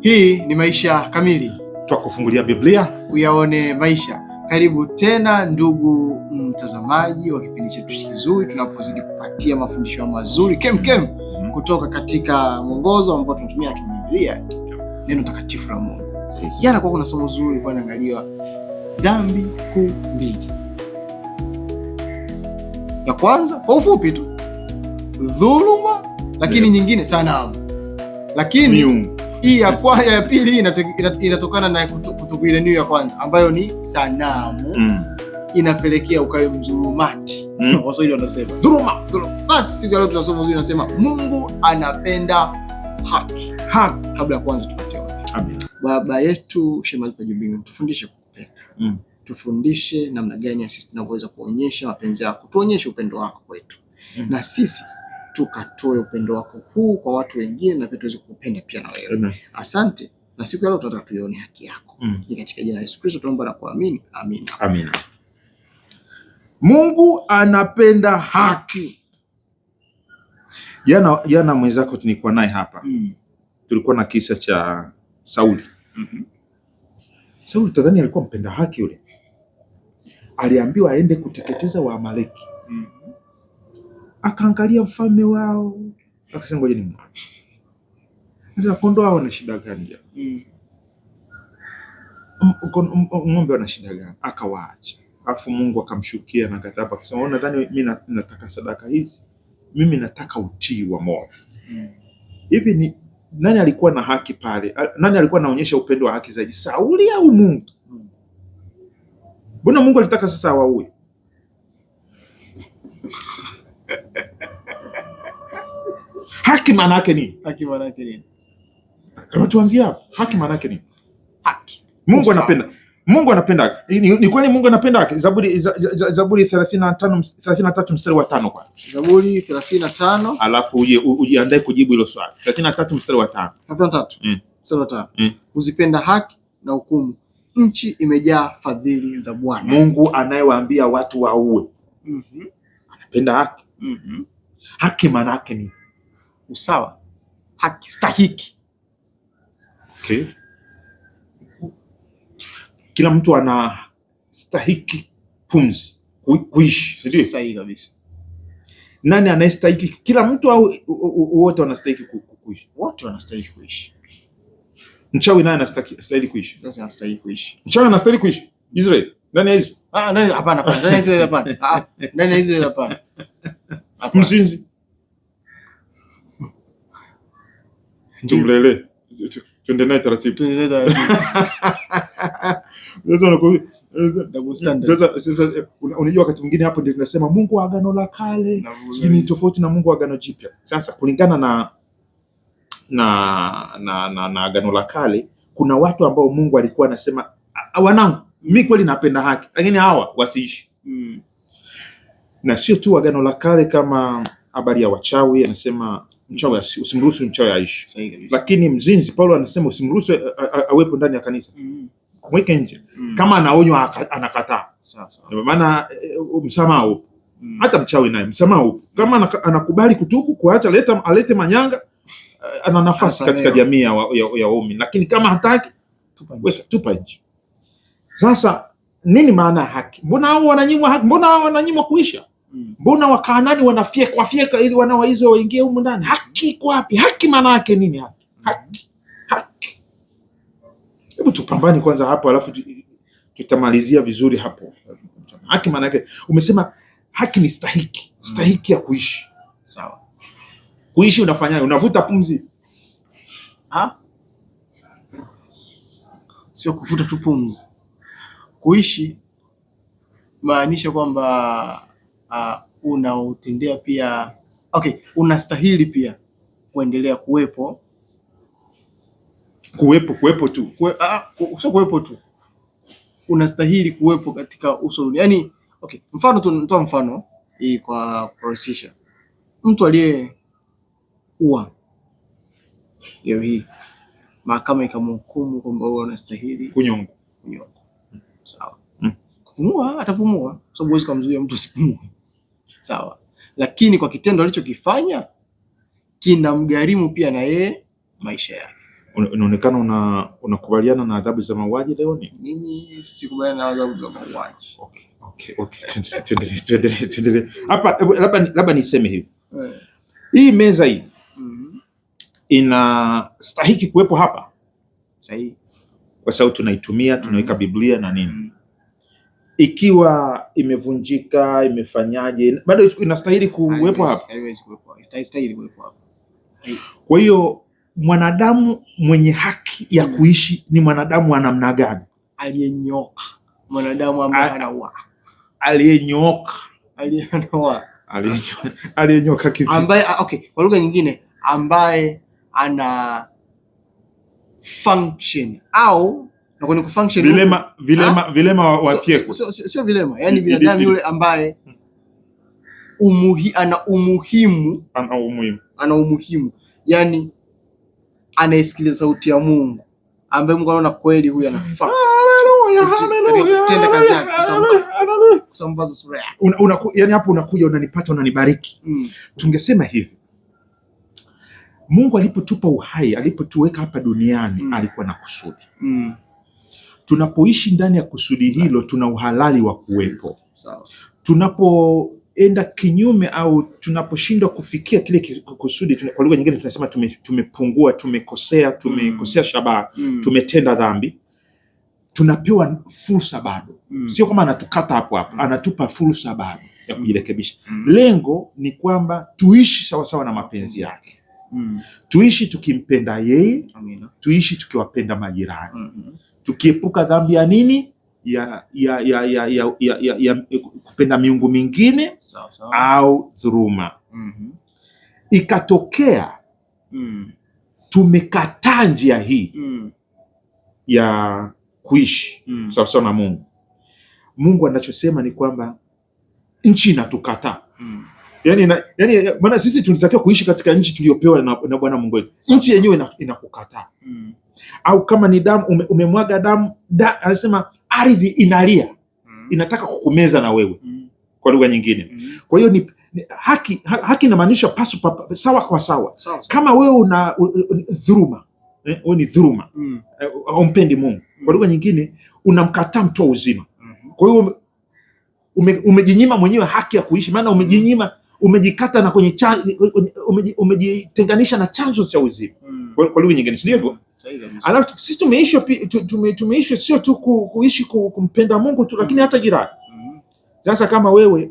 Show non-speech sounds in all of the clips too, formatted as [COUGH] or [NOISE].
Hii ni Maisha Kamili, twakufungulia Biblia uyaone maisha. Karibu tena ndugu mtazamaji wa kipindi chetu kizuri, tunapozidi kupatia mafundisho mazuri kemkem kem, mm -hmm. kutoka katika mwongozo ambao tunatumia kibiblia neno takatifu la Mungu. Jana kwa kuna somo zuri kwa naangaliwa dhambi kuu mbili. Ya kwanza kwa ufupi tu dhuluma, lakini yeah. nyingine sanamu, lakini miungu hii ya kwa ya pili inatokana na kutokuilenio ya kwanza ambayo ni sanamu mm. inapelekea ukawe mzurumati mm. [LAUGHS] Waswahili wanasema dhuluma. Basi siku ya leo tunasoma uzuri, nasema Mungu anapenda haki. Haki kabla ya kwanza tupatie Baba yetu shema tufundishe kupenda mm. tufundishe namna gani sisi tunavyoweza kuonyesha mapenzi yako, tuonyeshe upendo wako kwetu mm. na sisi tukatoe upendo wako huu kwa watu wengine, na pia tuweze kukupenda pia na wewe. Asante, na siku ya leo tunataka tuione haki yako. Mm. Ni katika jina la Yesu Kristo tunaomba na kuamini, amina, amina. Mungu anapenda haki. Jana jana mwenzako tulikuwa naye hapa mm. tulikuwa na kisa cha Sauli mm -hmm. Sauli tadhani alikuwa mpenda haki yule, aliambiwa aende kuteketeza Waamaleki mm akaangalia mfalme wao akasema ngoja nimwache. Sasa kondoo hao wana shida gani? Mm. Ng'ombe wana shida gani? Akawaacha. Alafu Mungu akamshukia na kataba akasema, nadhani mimi nataka sadaka hizi, mimi nataka utii wa moyo. Mm. Hivi ni nani alikuwa na haki pale? Nani alikuwa anaonyesha upendo wa haki zaidi, Sauli au Mungu? Mm. Mbona Mungu alitaka sasa waue Haki maana yake nini? Haki maana yake nini? Tuanzie hapo. Haki maana yake nini? Haki. Mungu anapenda. Mungu anapenda. Ni ni kwani Mungu anapenda haki? Zaburi Zaburi 35 33 mstari wa 5 kwa. Zaburi 35 alafu uje ujiandae kujibu hilo swali. 33 mstari wa 5. 33. Mm. Mstari wa 5. Mm. Uzipenda haki na hukumu. Nchi imejaa fadhili za Bwana. Mungu anayewaambia watu waue. Mhm. Mm, anapenda haki. Mhm. Mm, haki maana yake ni usawa haki stahiki. Okay. Kila mtu ana stahiki pumzi kuishi, si ndio? Sahihi kabisa. Nani anayestahiki? Kila mtu au wote wanastahiki kuishi? Wote wanastahiki kuishi. Mchawi naye anastahili kuishi? Wote wanastahili kuishi. Mchawi anastahili kuishi? Israel. Nani hizo? Ah, nani hapana, hapana. Nani hizo hapana. Ah, nani hizo hapana. [LAUGHS] Mzinzi. Tumlele. taratibu. [LAUGHS] Sasa sasa, eh, unajua wakati mwingine hapo ndio tunasema Mungu wa Agano la Kale ni tofauti na Mungu wa Agano Jipya. Sasa kulingana na na na, na, na Agano la Kale kuna watu ambao Mungu alikuwa anasema wanangu, mi kweli napenda haki, lakini hawa wasiishi hmm. Na sio tu Agano la Kale, kama habari ya wachawi anasema mchawi usimruhusu mchawi aishi, lakini mzinzi Paulo anasema usimruhusu eh, eh, eh, awepo ndani ya kanisa mm. mweke nje mm. kama anaonywa anakataa, ndio maana msamaha upo mm. hata mchawi naye msamaha upo, kama anakubali kutubu kuacha, leta alete manyanga, ana nafasi katika jamii ya waumini ya, lakini kama hataki weka tupa nje. Sasa nini maana ya haki? Mbona hao wananyimwa haki? Mbona hao wananyimwa kuisha? Mbona Wakaanani wanafyekwa fyekwa ili wana wa waingie humu ndani? Haki iko wapi? Haki maana yake nini? Haki, haki, haki. Hebu tupambane kwanza hapo, alafu tutamalizia vizuri hapo. Haki maana yake, umesema haki ni stahiki, stahiki ya kuishi. Sawa, kuishi unafanyaje? Unavuta pumzi ha? Sio kuvuta tu pumzi. Kuishi maanisha kwamba uh, ah, unaotendea pia okay, unastahili pia kuendelea kuwepo kuwepo kuwepo tu kue, ah, sio kuwepo tu, unastahili kuwepo katika uso yani, okay, mfano tu nitoa mfano ili kwa kurahisisha, mtu aliye aliyeua leo hii mahakama ikamhukumu kwamba wewe unastahili kunyongwa, kunyongwa, sawa, mm. kupumua atapumua, sababu huwezi kumzuia mtu asipumue sawa, lakini kwa kitendo alichokifanya kinamgharimu pia na yeye maisha yake. Inaonekana una unakubaliana na adhabu za mauaji leo ni? Mimi sikubaliana na adhabu za mauaji. Okay, okay, okay. Tuendelee, tuendelee, tuendelee. Hapa labda labda niseme hivi. Eh. Hii meza hii mm -hmm. inastahiki kuwepo hapa. Sahihi. Kwa sababu tunaitumia, tunaweka mm-hmm. Biblia na nini. Mm-hmm ikiwa imevunjika imefanyaje, bado inastahili kuwepo hapa. Kwa hiyo mwanadamu mwenye haki ya hmm. kuishi ni mwanadamu wa namna gani? Aliyenyoka, mwanadamu ambaye anaua, aliyenyoka, aliyenyooka, aliyenyooka kipi? Ambaye okay, kwa lugha nyingine, ambaye ana function au na kwenye kufunction vilema vilema ah? vilema wa fieko sio sio vilema, yani binadamu yule ambaye umuhi, ana umuhimu ana umuhimu ana umuhimu yani anayesikiliza sauti ya Mungu ambaye Mungu anaona kweli huyu anafaa sura yake. Yani hapo unakuja unanipata unanibariki. Mm. Tungesema hivi Mungu alipotupa uhai alipotuweka hapa duniani mm. alikuwa na kusudi mm. Tunapoishi ndani ya kusudi hilo, tuna uhalali wa kuwepo. Tunapoenda kinyume au tunaposhindwa kufikia kile kusudi, kwa lugha nyingine tunasema tume, tumepungua, tumekosea, tumekosea mm. shabaha, mm. tumetenda dhambi tunapewa fursa bado mm. Sio kama anatukata hapo hapo, mm. anatupa fursa bado ya kujirekebisha mm. Lengo ni kwamba tuishi sawasawa na mapenzi yake mm. Tuishi tukimpenda yeye, Tuishi tukiwapenda majirani mm -hmm tukiepuka dhambi ya nini ya ya ya ya, ya, ya, ya, ya kupenda miungu mingine sawa sawa, au dhuruma mm -hmm. Ikatokea mm. tumekataa njia hii mm. ya kuishi mm. sawa sawa na Mungu. Mungu anachosema ni kwamba nchi inatukataa mm. Yani, yani, maana sisi tunatakiwa kuishi katika nchi tuliyopewa na, na Bwana Mungu wetu. Nchi yenyewe inakukataa ina mm au kama ni damu ume, umemwaga damu da, anasema ardhi inalia mm. inataka kukumeza na wewe mm. kwa lugha nyingine mm. kwa hiyo ni haki ha, haki inamaanisha pasu pa, sawa kwa sawa. Sawa, sawa kama wewe una dhuruma eh, wewe ni dhuruma mm. Eh, Mungu mm. kwa lugha nyingine unamkataa mtoa uzima mm -hmm. kwa hiyo ume, umejinyima mwenyewe haki ya kuishi maana umejinyima mm. umejikata na kwenye umejitenganisha na chanzo cha uzima mm kwa, lugha nyingine, si ndivyo? Alafu sisi tumeishi tumeishi sio tu kuishi kumpenda Mungu tu, lakini hata jirani. Mhm. Sasa kama wewe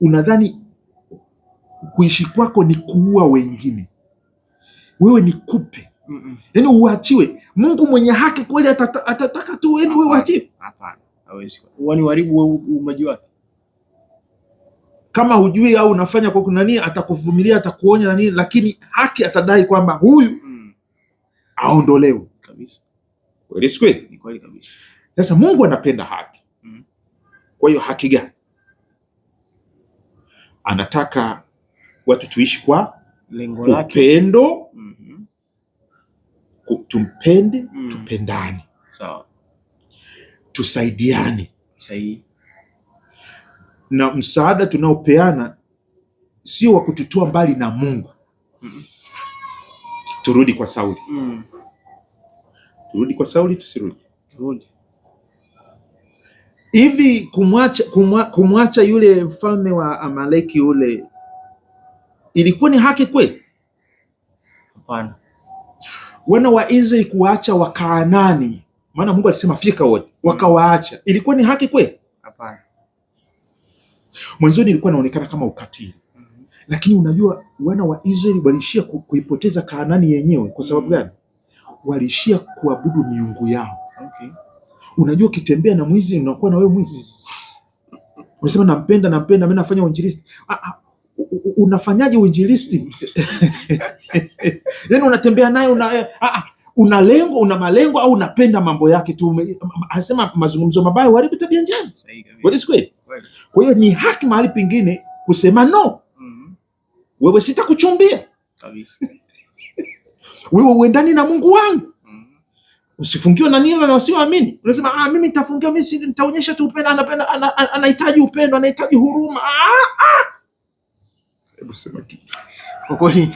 unadhani kuishi kwako ni kuua wengine, wewe ni kupe Mm -mm. uachiwe. Mungu mwenye haki kweli atataka tu wewe uachiwe? Hapana, hawezi. Wani waribu umaji wake kama hujui au unafanya kwa kunani, atakuvumilia atakuonya na nini, lakini haki atadai kwamba huyu mm. aondolewe kabisa. Kweli si kweli? Ni kweli kabisa. Sasa Mungu anapenda haki mm. kwa hiyo haki gani anataka watu tuishi kwa lengo lake, upendo mm -hmm. tumpende mm. tupendane, sawa, tusaidiane sahihi na msaada tunaopeana sio wa kututoa mbali na Mungu. Mm. Turudi kwa Sauli. Mm. Turudi kwa Sauli, tusirudi? Turudi. Hivi kumwacha kumwa, kumwacha yule mfalme wa Amaleki yule ilikuwa ni haki kweli? Hapana. Wana wa Israeli kuwaacha Wakaanani, maana Mungu alisema fika wote, mm. wakawaacha. Ilikuwa ni haki kweli? Mwanzoni ilikuwa inaonekana kama ukatili mm -hmm. Lakini unajua wana wa Israeli waliishia kuipoteza Kanaani yenyewe kwa sababu mm. gani? Waliishia kuabudu miungu yao okay. Unajua ukitembea na mwizi unakuwa na wewe mwizi, unasema nampenda, nampenda mimi, nafanya uinjilisti. Unafanyaje uinjilisti? [LAUGHS] Yani unatembea naye una una lengo una malengo au unapenda mambo yake tu? Anasema mazungumzo mabaya huharibu tabia njema, kweli si kweli? Kwa hiyo ni haki mahali pengine kusema no. Mm -hmm. Wewe sitakuchumbia kabisa. [LAUGHS] Wewe uendani na Mungu wangu. Mm -hmm. Usifungiwe na nira na wasioamini. Unasema ah, mimi nitafungia, mimi si nitaonyesha tu upendo, anapenda anahitaji upendo, anahitaji huruma. Ah, ah. Hebu sema kitu. Kwa kweli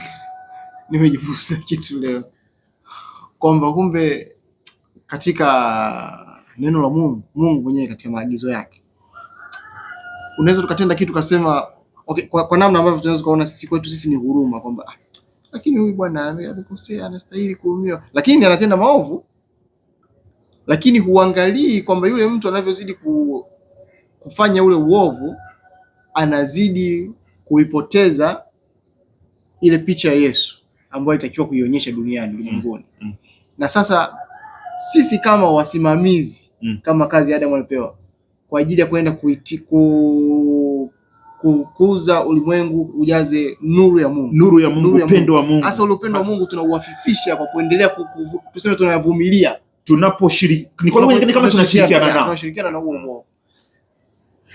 nimejifunza kitu leo kwamba kumbe katika neno la Mungu, Mungu mwenyewe katika maagizo yake unaweza tukatenda kitu kasema okay, kwa, kwa namna ambavyo tunaweza kuona sisi kwetu sisi ni huruma kwamba ah, lakini huyu bwana amekosea, anastahili kuumiwa, lakini anatenda maovu, lakini huangalii kwamba yule mtu anavyozidi ku, kufanya ule uovu anazidi kuipoteza ile picha ya Yesu ambayo alitakiwa kuionyesha duniani ulimwenguni. mm, mm, mm. Na sasa sisi kama wasimamizi mm kama kazi Adamu alipewa kwa ajili ya kwenda ku kukuza ulimwengu ujaze nuru ya Mungu, nuru ya Mungu, upendo wa Mungu. Hasa ule upendo wa Mungu tunauafifisha kwa kuendelea tuseme, tunavumilia tunaposhirikiana kama tunashirikiana nao, tunashirikiana na huo.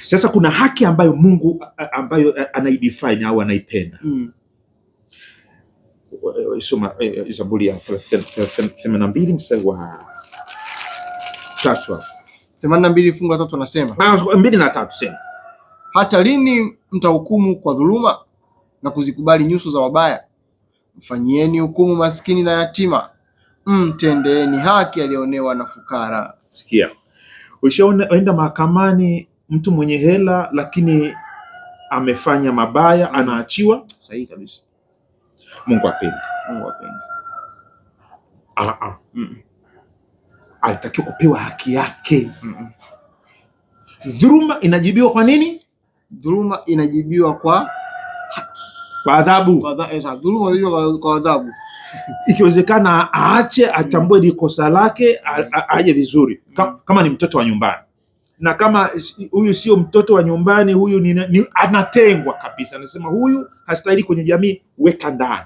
Sasa kuna haki ambayo Mungu ambayo anaidefine au anaipenda mm. Soma Zaburi eh, ya 82 mstari wa tatu hapo themanini na mbili fungu la tatu anasema ah, mbili na tatu sema, hata lini mtahukumu kwa dhuluma na kuzikubali nyuso za wabaya? Mfanyieni hukumu maskini na yatima, mtendeeni haki aliyoonewa na fukara. Sikia, ushaenda mahakamani, mtu mwenye hela lakini amefanya mabaya, anaachiwa. Sahihi kabisa. Mungu apende, Mungu apende. Ah, ah. Mm -mm alitakiwa kupewa haki yake. Dhuluma inajibiwa kwa nini? Dhuluma inajibiwa kwa kwa adhabu, eh, dhuluma inajibiwa kwa adhabu. [LAUGHS] Ikiwezekana aache, atambue ni kosa lake, aje vizuri, kama ni mtoto wa nyumbani na kama huyu sio mtoto wa nyumbani, huyu ni, ni, anatengwa kabisa, anasema huyu hastahili kwenye jamii, weka ndani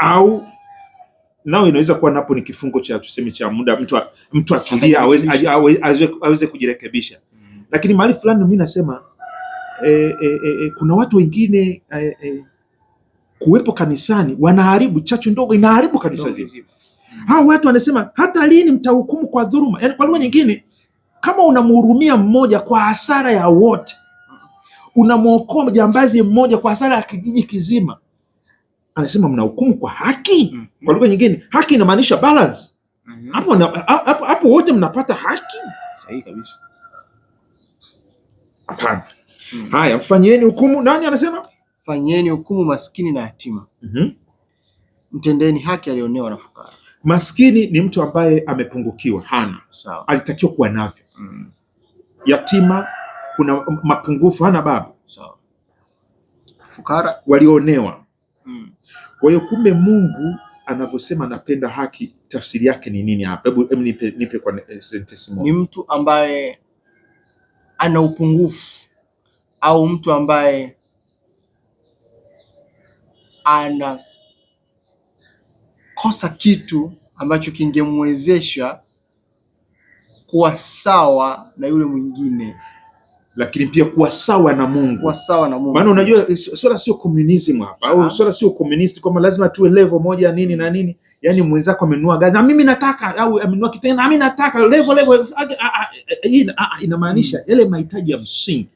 au nao inaweza kuwa napo ni kifungo cha tuseme cha muda, mtu mtu atulia aweze kujirekebisha. Mm. Lakini mahali fulani mimi nasema e, e, e, e, kuna watu wengine e, e, kuwepo kanisani wanaharibu, chachu ndogo inaharibu kanisa zima. Mm. Hao watu wanasema hata lini mtahukumu kwa dhuluma? Yani kwa lugha nyingine, kama unamhurumia mmoja kwa hasara ya wote, unamwokoa mjambazi mmoja kwa hasara ya kijiji kizima anasema mna hukumu kwa haki. mm -hmm. Kwa lugha nyingine haki inamaanisha balance. mm -hmm. hapo -hmm. hapo wote mnapata haki. Sahihi kabisa. Hapana. mm -hmm. Haya, mfanyieni hukumu nani? Anasema fanyeni hukumu maskini na yatima. mm -hmm. Mtendeni haki alionewa na fukara. Maskini ni mtu ambaye amepungukiwa, hana sawa, alitakiwa kuwa navyo. mm. Yatima kuna mapungufu, hana baba. Sawa. Fukara walionewa kwa hiyo kumbe Mungu anavyosema anapenda haki, tafsiri yake ni nini hapa? Hebu nipe, nipe kwa eh, sentensi moja. Ni mtu ambaye ana upungufu au mtu ambaye anakosa kitu ambacho kingemwezesha kuwa sawa na yule mwingine lakini pia kuwa sawa na Mungu, kuwa sawa na Mungu. Maana unajua swala sio communism hapa au swala sio communist kwamba lazima tuwe level moja nini na nini Yaani mwenzako amenua gari na mimi nataka, au amenua kitanda na mimi nataka, level level. E, e, hii inamaanisha mm. yale mahitaji ya msingi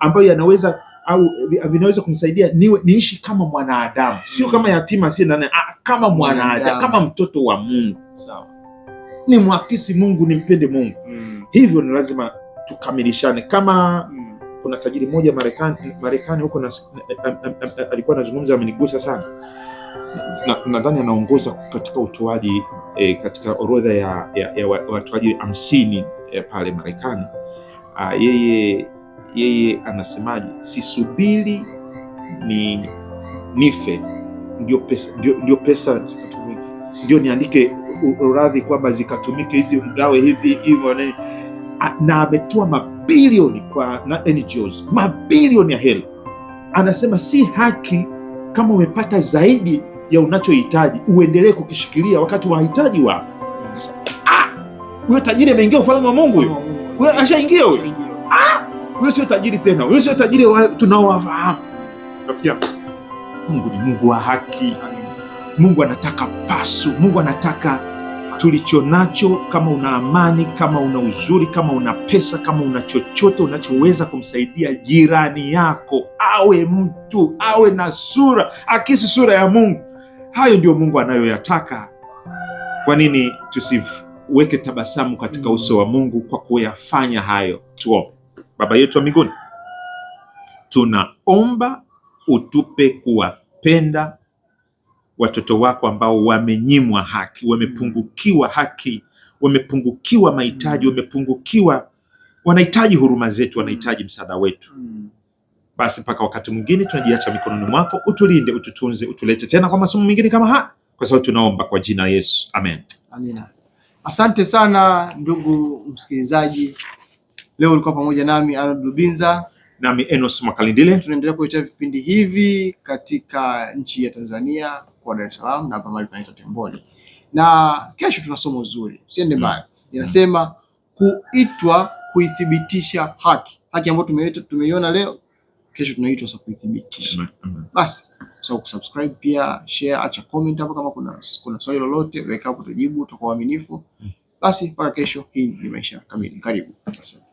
ambayo yanaweza au vinaweza kunisaidia niwe niishi kama mwanadamu, sio mm. kama yatima, si nani, kama mwanadamu, kama mtoto wa Mungu. Sawa, ni mwakisi Mungu, nimpende Mungu, mm. hivyo ni lazima tukamilishane kama mm. Kuna tajiri mmoja Marekani Marekani huko na, alikuwa anazungumza, amenigusa sana nadhani na anaongoza katika utoaji eh, katika orodha ya, ya, ya watoaji hamsini eh, pale Marekani. Yeye yeye anasemaje? Sisubiri ni nife ndio pesa ndio pesa ndio niandike uradhi kwamba zikatumike hizi mgawe hivi hivyo na ametoa mabilioni kwa na NGOs, mabilioni ya hela. Anasema si haki kama umepata zaidi ya unachohitaji uendelee kukishikilia wakati wahitaji wa ah, huyo tajiri ameingia ufalme wa Mungu. Huyo ashaingia huyo, ah, huyo sio tajiri tena, huyo sio tajiri wale tunaowafahamu. Rafiki yangu, Mungu ni Mungu wa haki. Mungu anataka pasu, Mungu anataka tulicho nacho, kama una amani, kama una uzuri, kama una pesa, kama una chochote unachoweza kumsaidia jirani yako, awe mtu, awe na sura, akisi sura ya Mungu. Hayo ndio Mungu anayoyataka. Kwa nini tusiweke tabasamu katika uso wa Mungu kwa kuyafanya hayo? Tuombe. Baba yetu wa mbinguni, tunaomba utupe kuwapenda watoto wako ambao wamenyimwa haki, wamepungukiwa haki, wamepungukiwa mahitaji, mm. wamepungukiwa, wanahitaji huruma zetu, wanahitaji msaada wetu. Mm. Basi mpaka wakati mwingine tunajiacha mikononi mwako, utulinde, ututunze, utulete tena kwa masomo mengine kama haya, kwa sababu tunaomba kwa jina la Yesu, amen. Amina. Asante sana ndugu msikilizaji, leo ulikuwa pamoja nami Arnold Lubinza nami Enos Makalindile. Tunaendelea kuletea vipindi hivi katika nchi ya Tanzania kwa Dar es Salaam na hapa mahali panaitwa Temboni, na kesho tuna somo zuri, usiende mm. mbali mm. Inasema kuitwa kuithibitisha haki, haki ambayo tumeiona leo, kesho tunaitwa sasa kuithibitisha mm. Mm. Basi so, subscribe pia, share, acha comment hapo kama kuna, kuna swali lolote weka hapo, tujibu, tutakuwa waaminifu. Basi mpaka kesho, hii ni Maisha Kamili, karibu. Asante.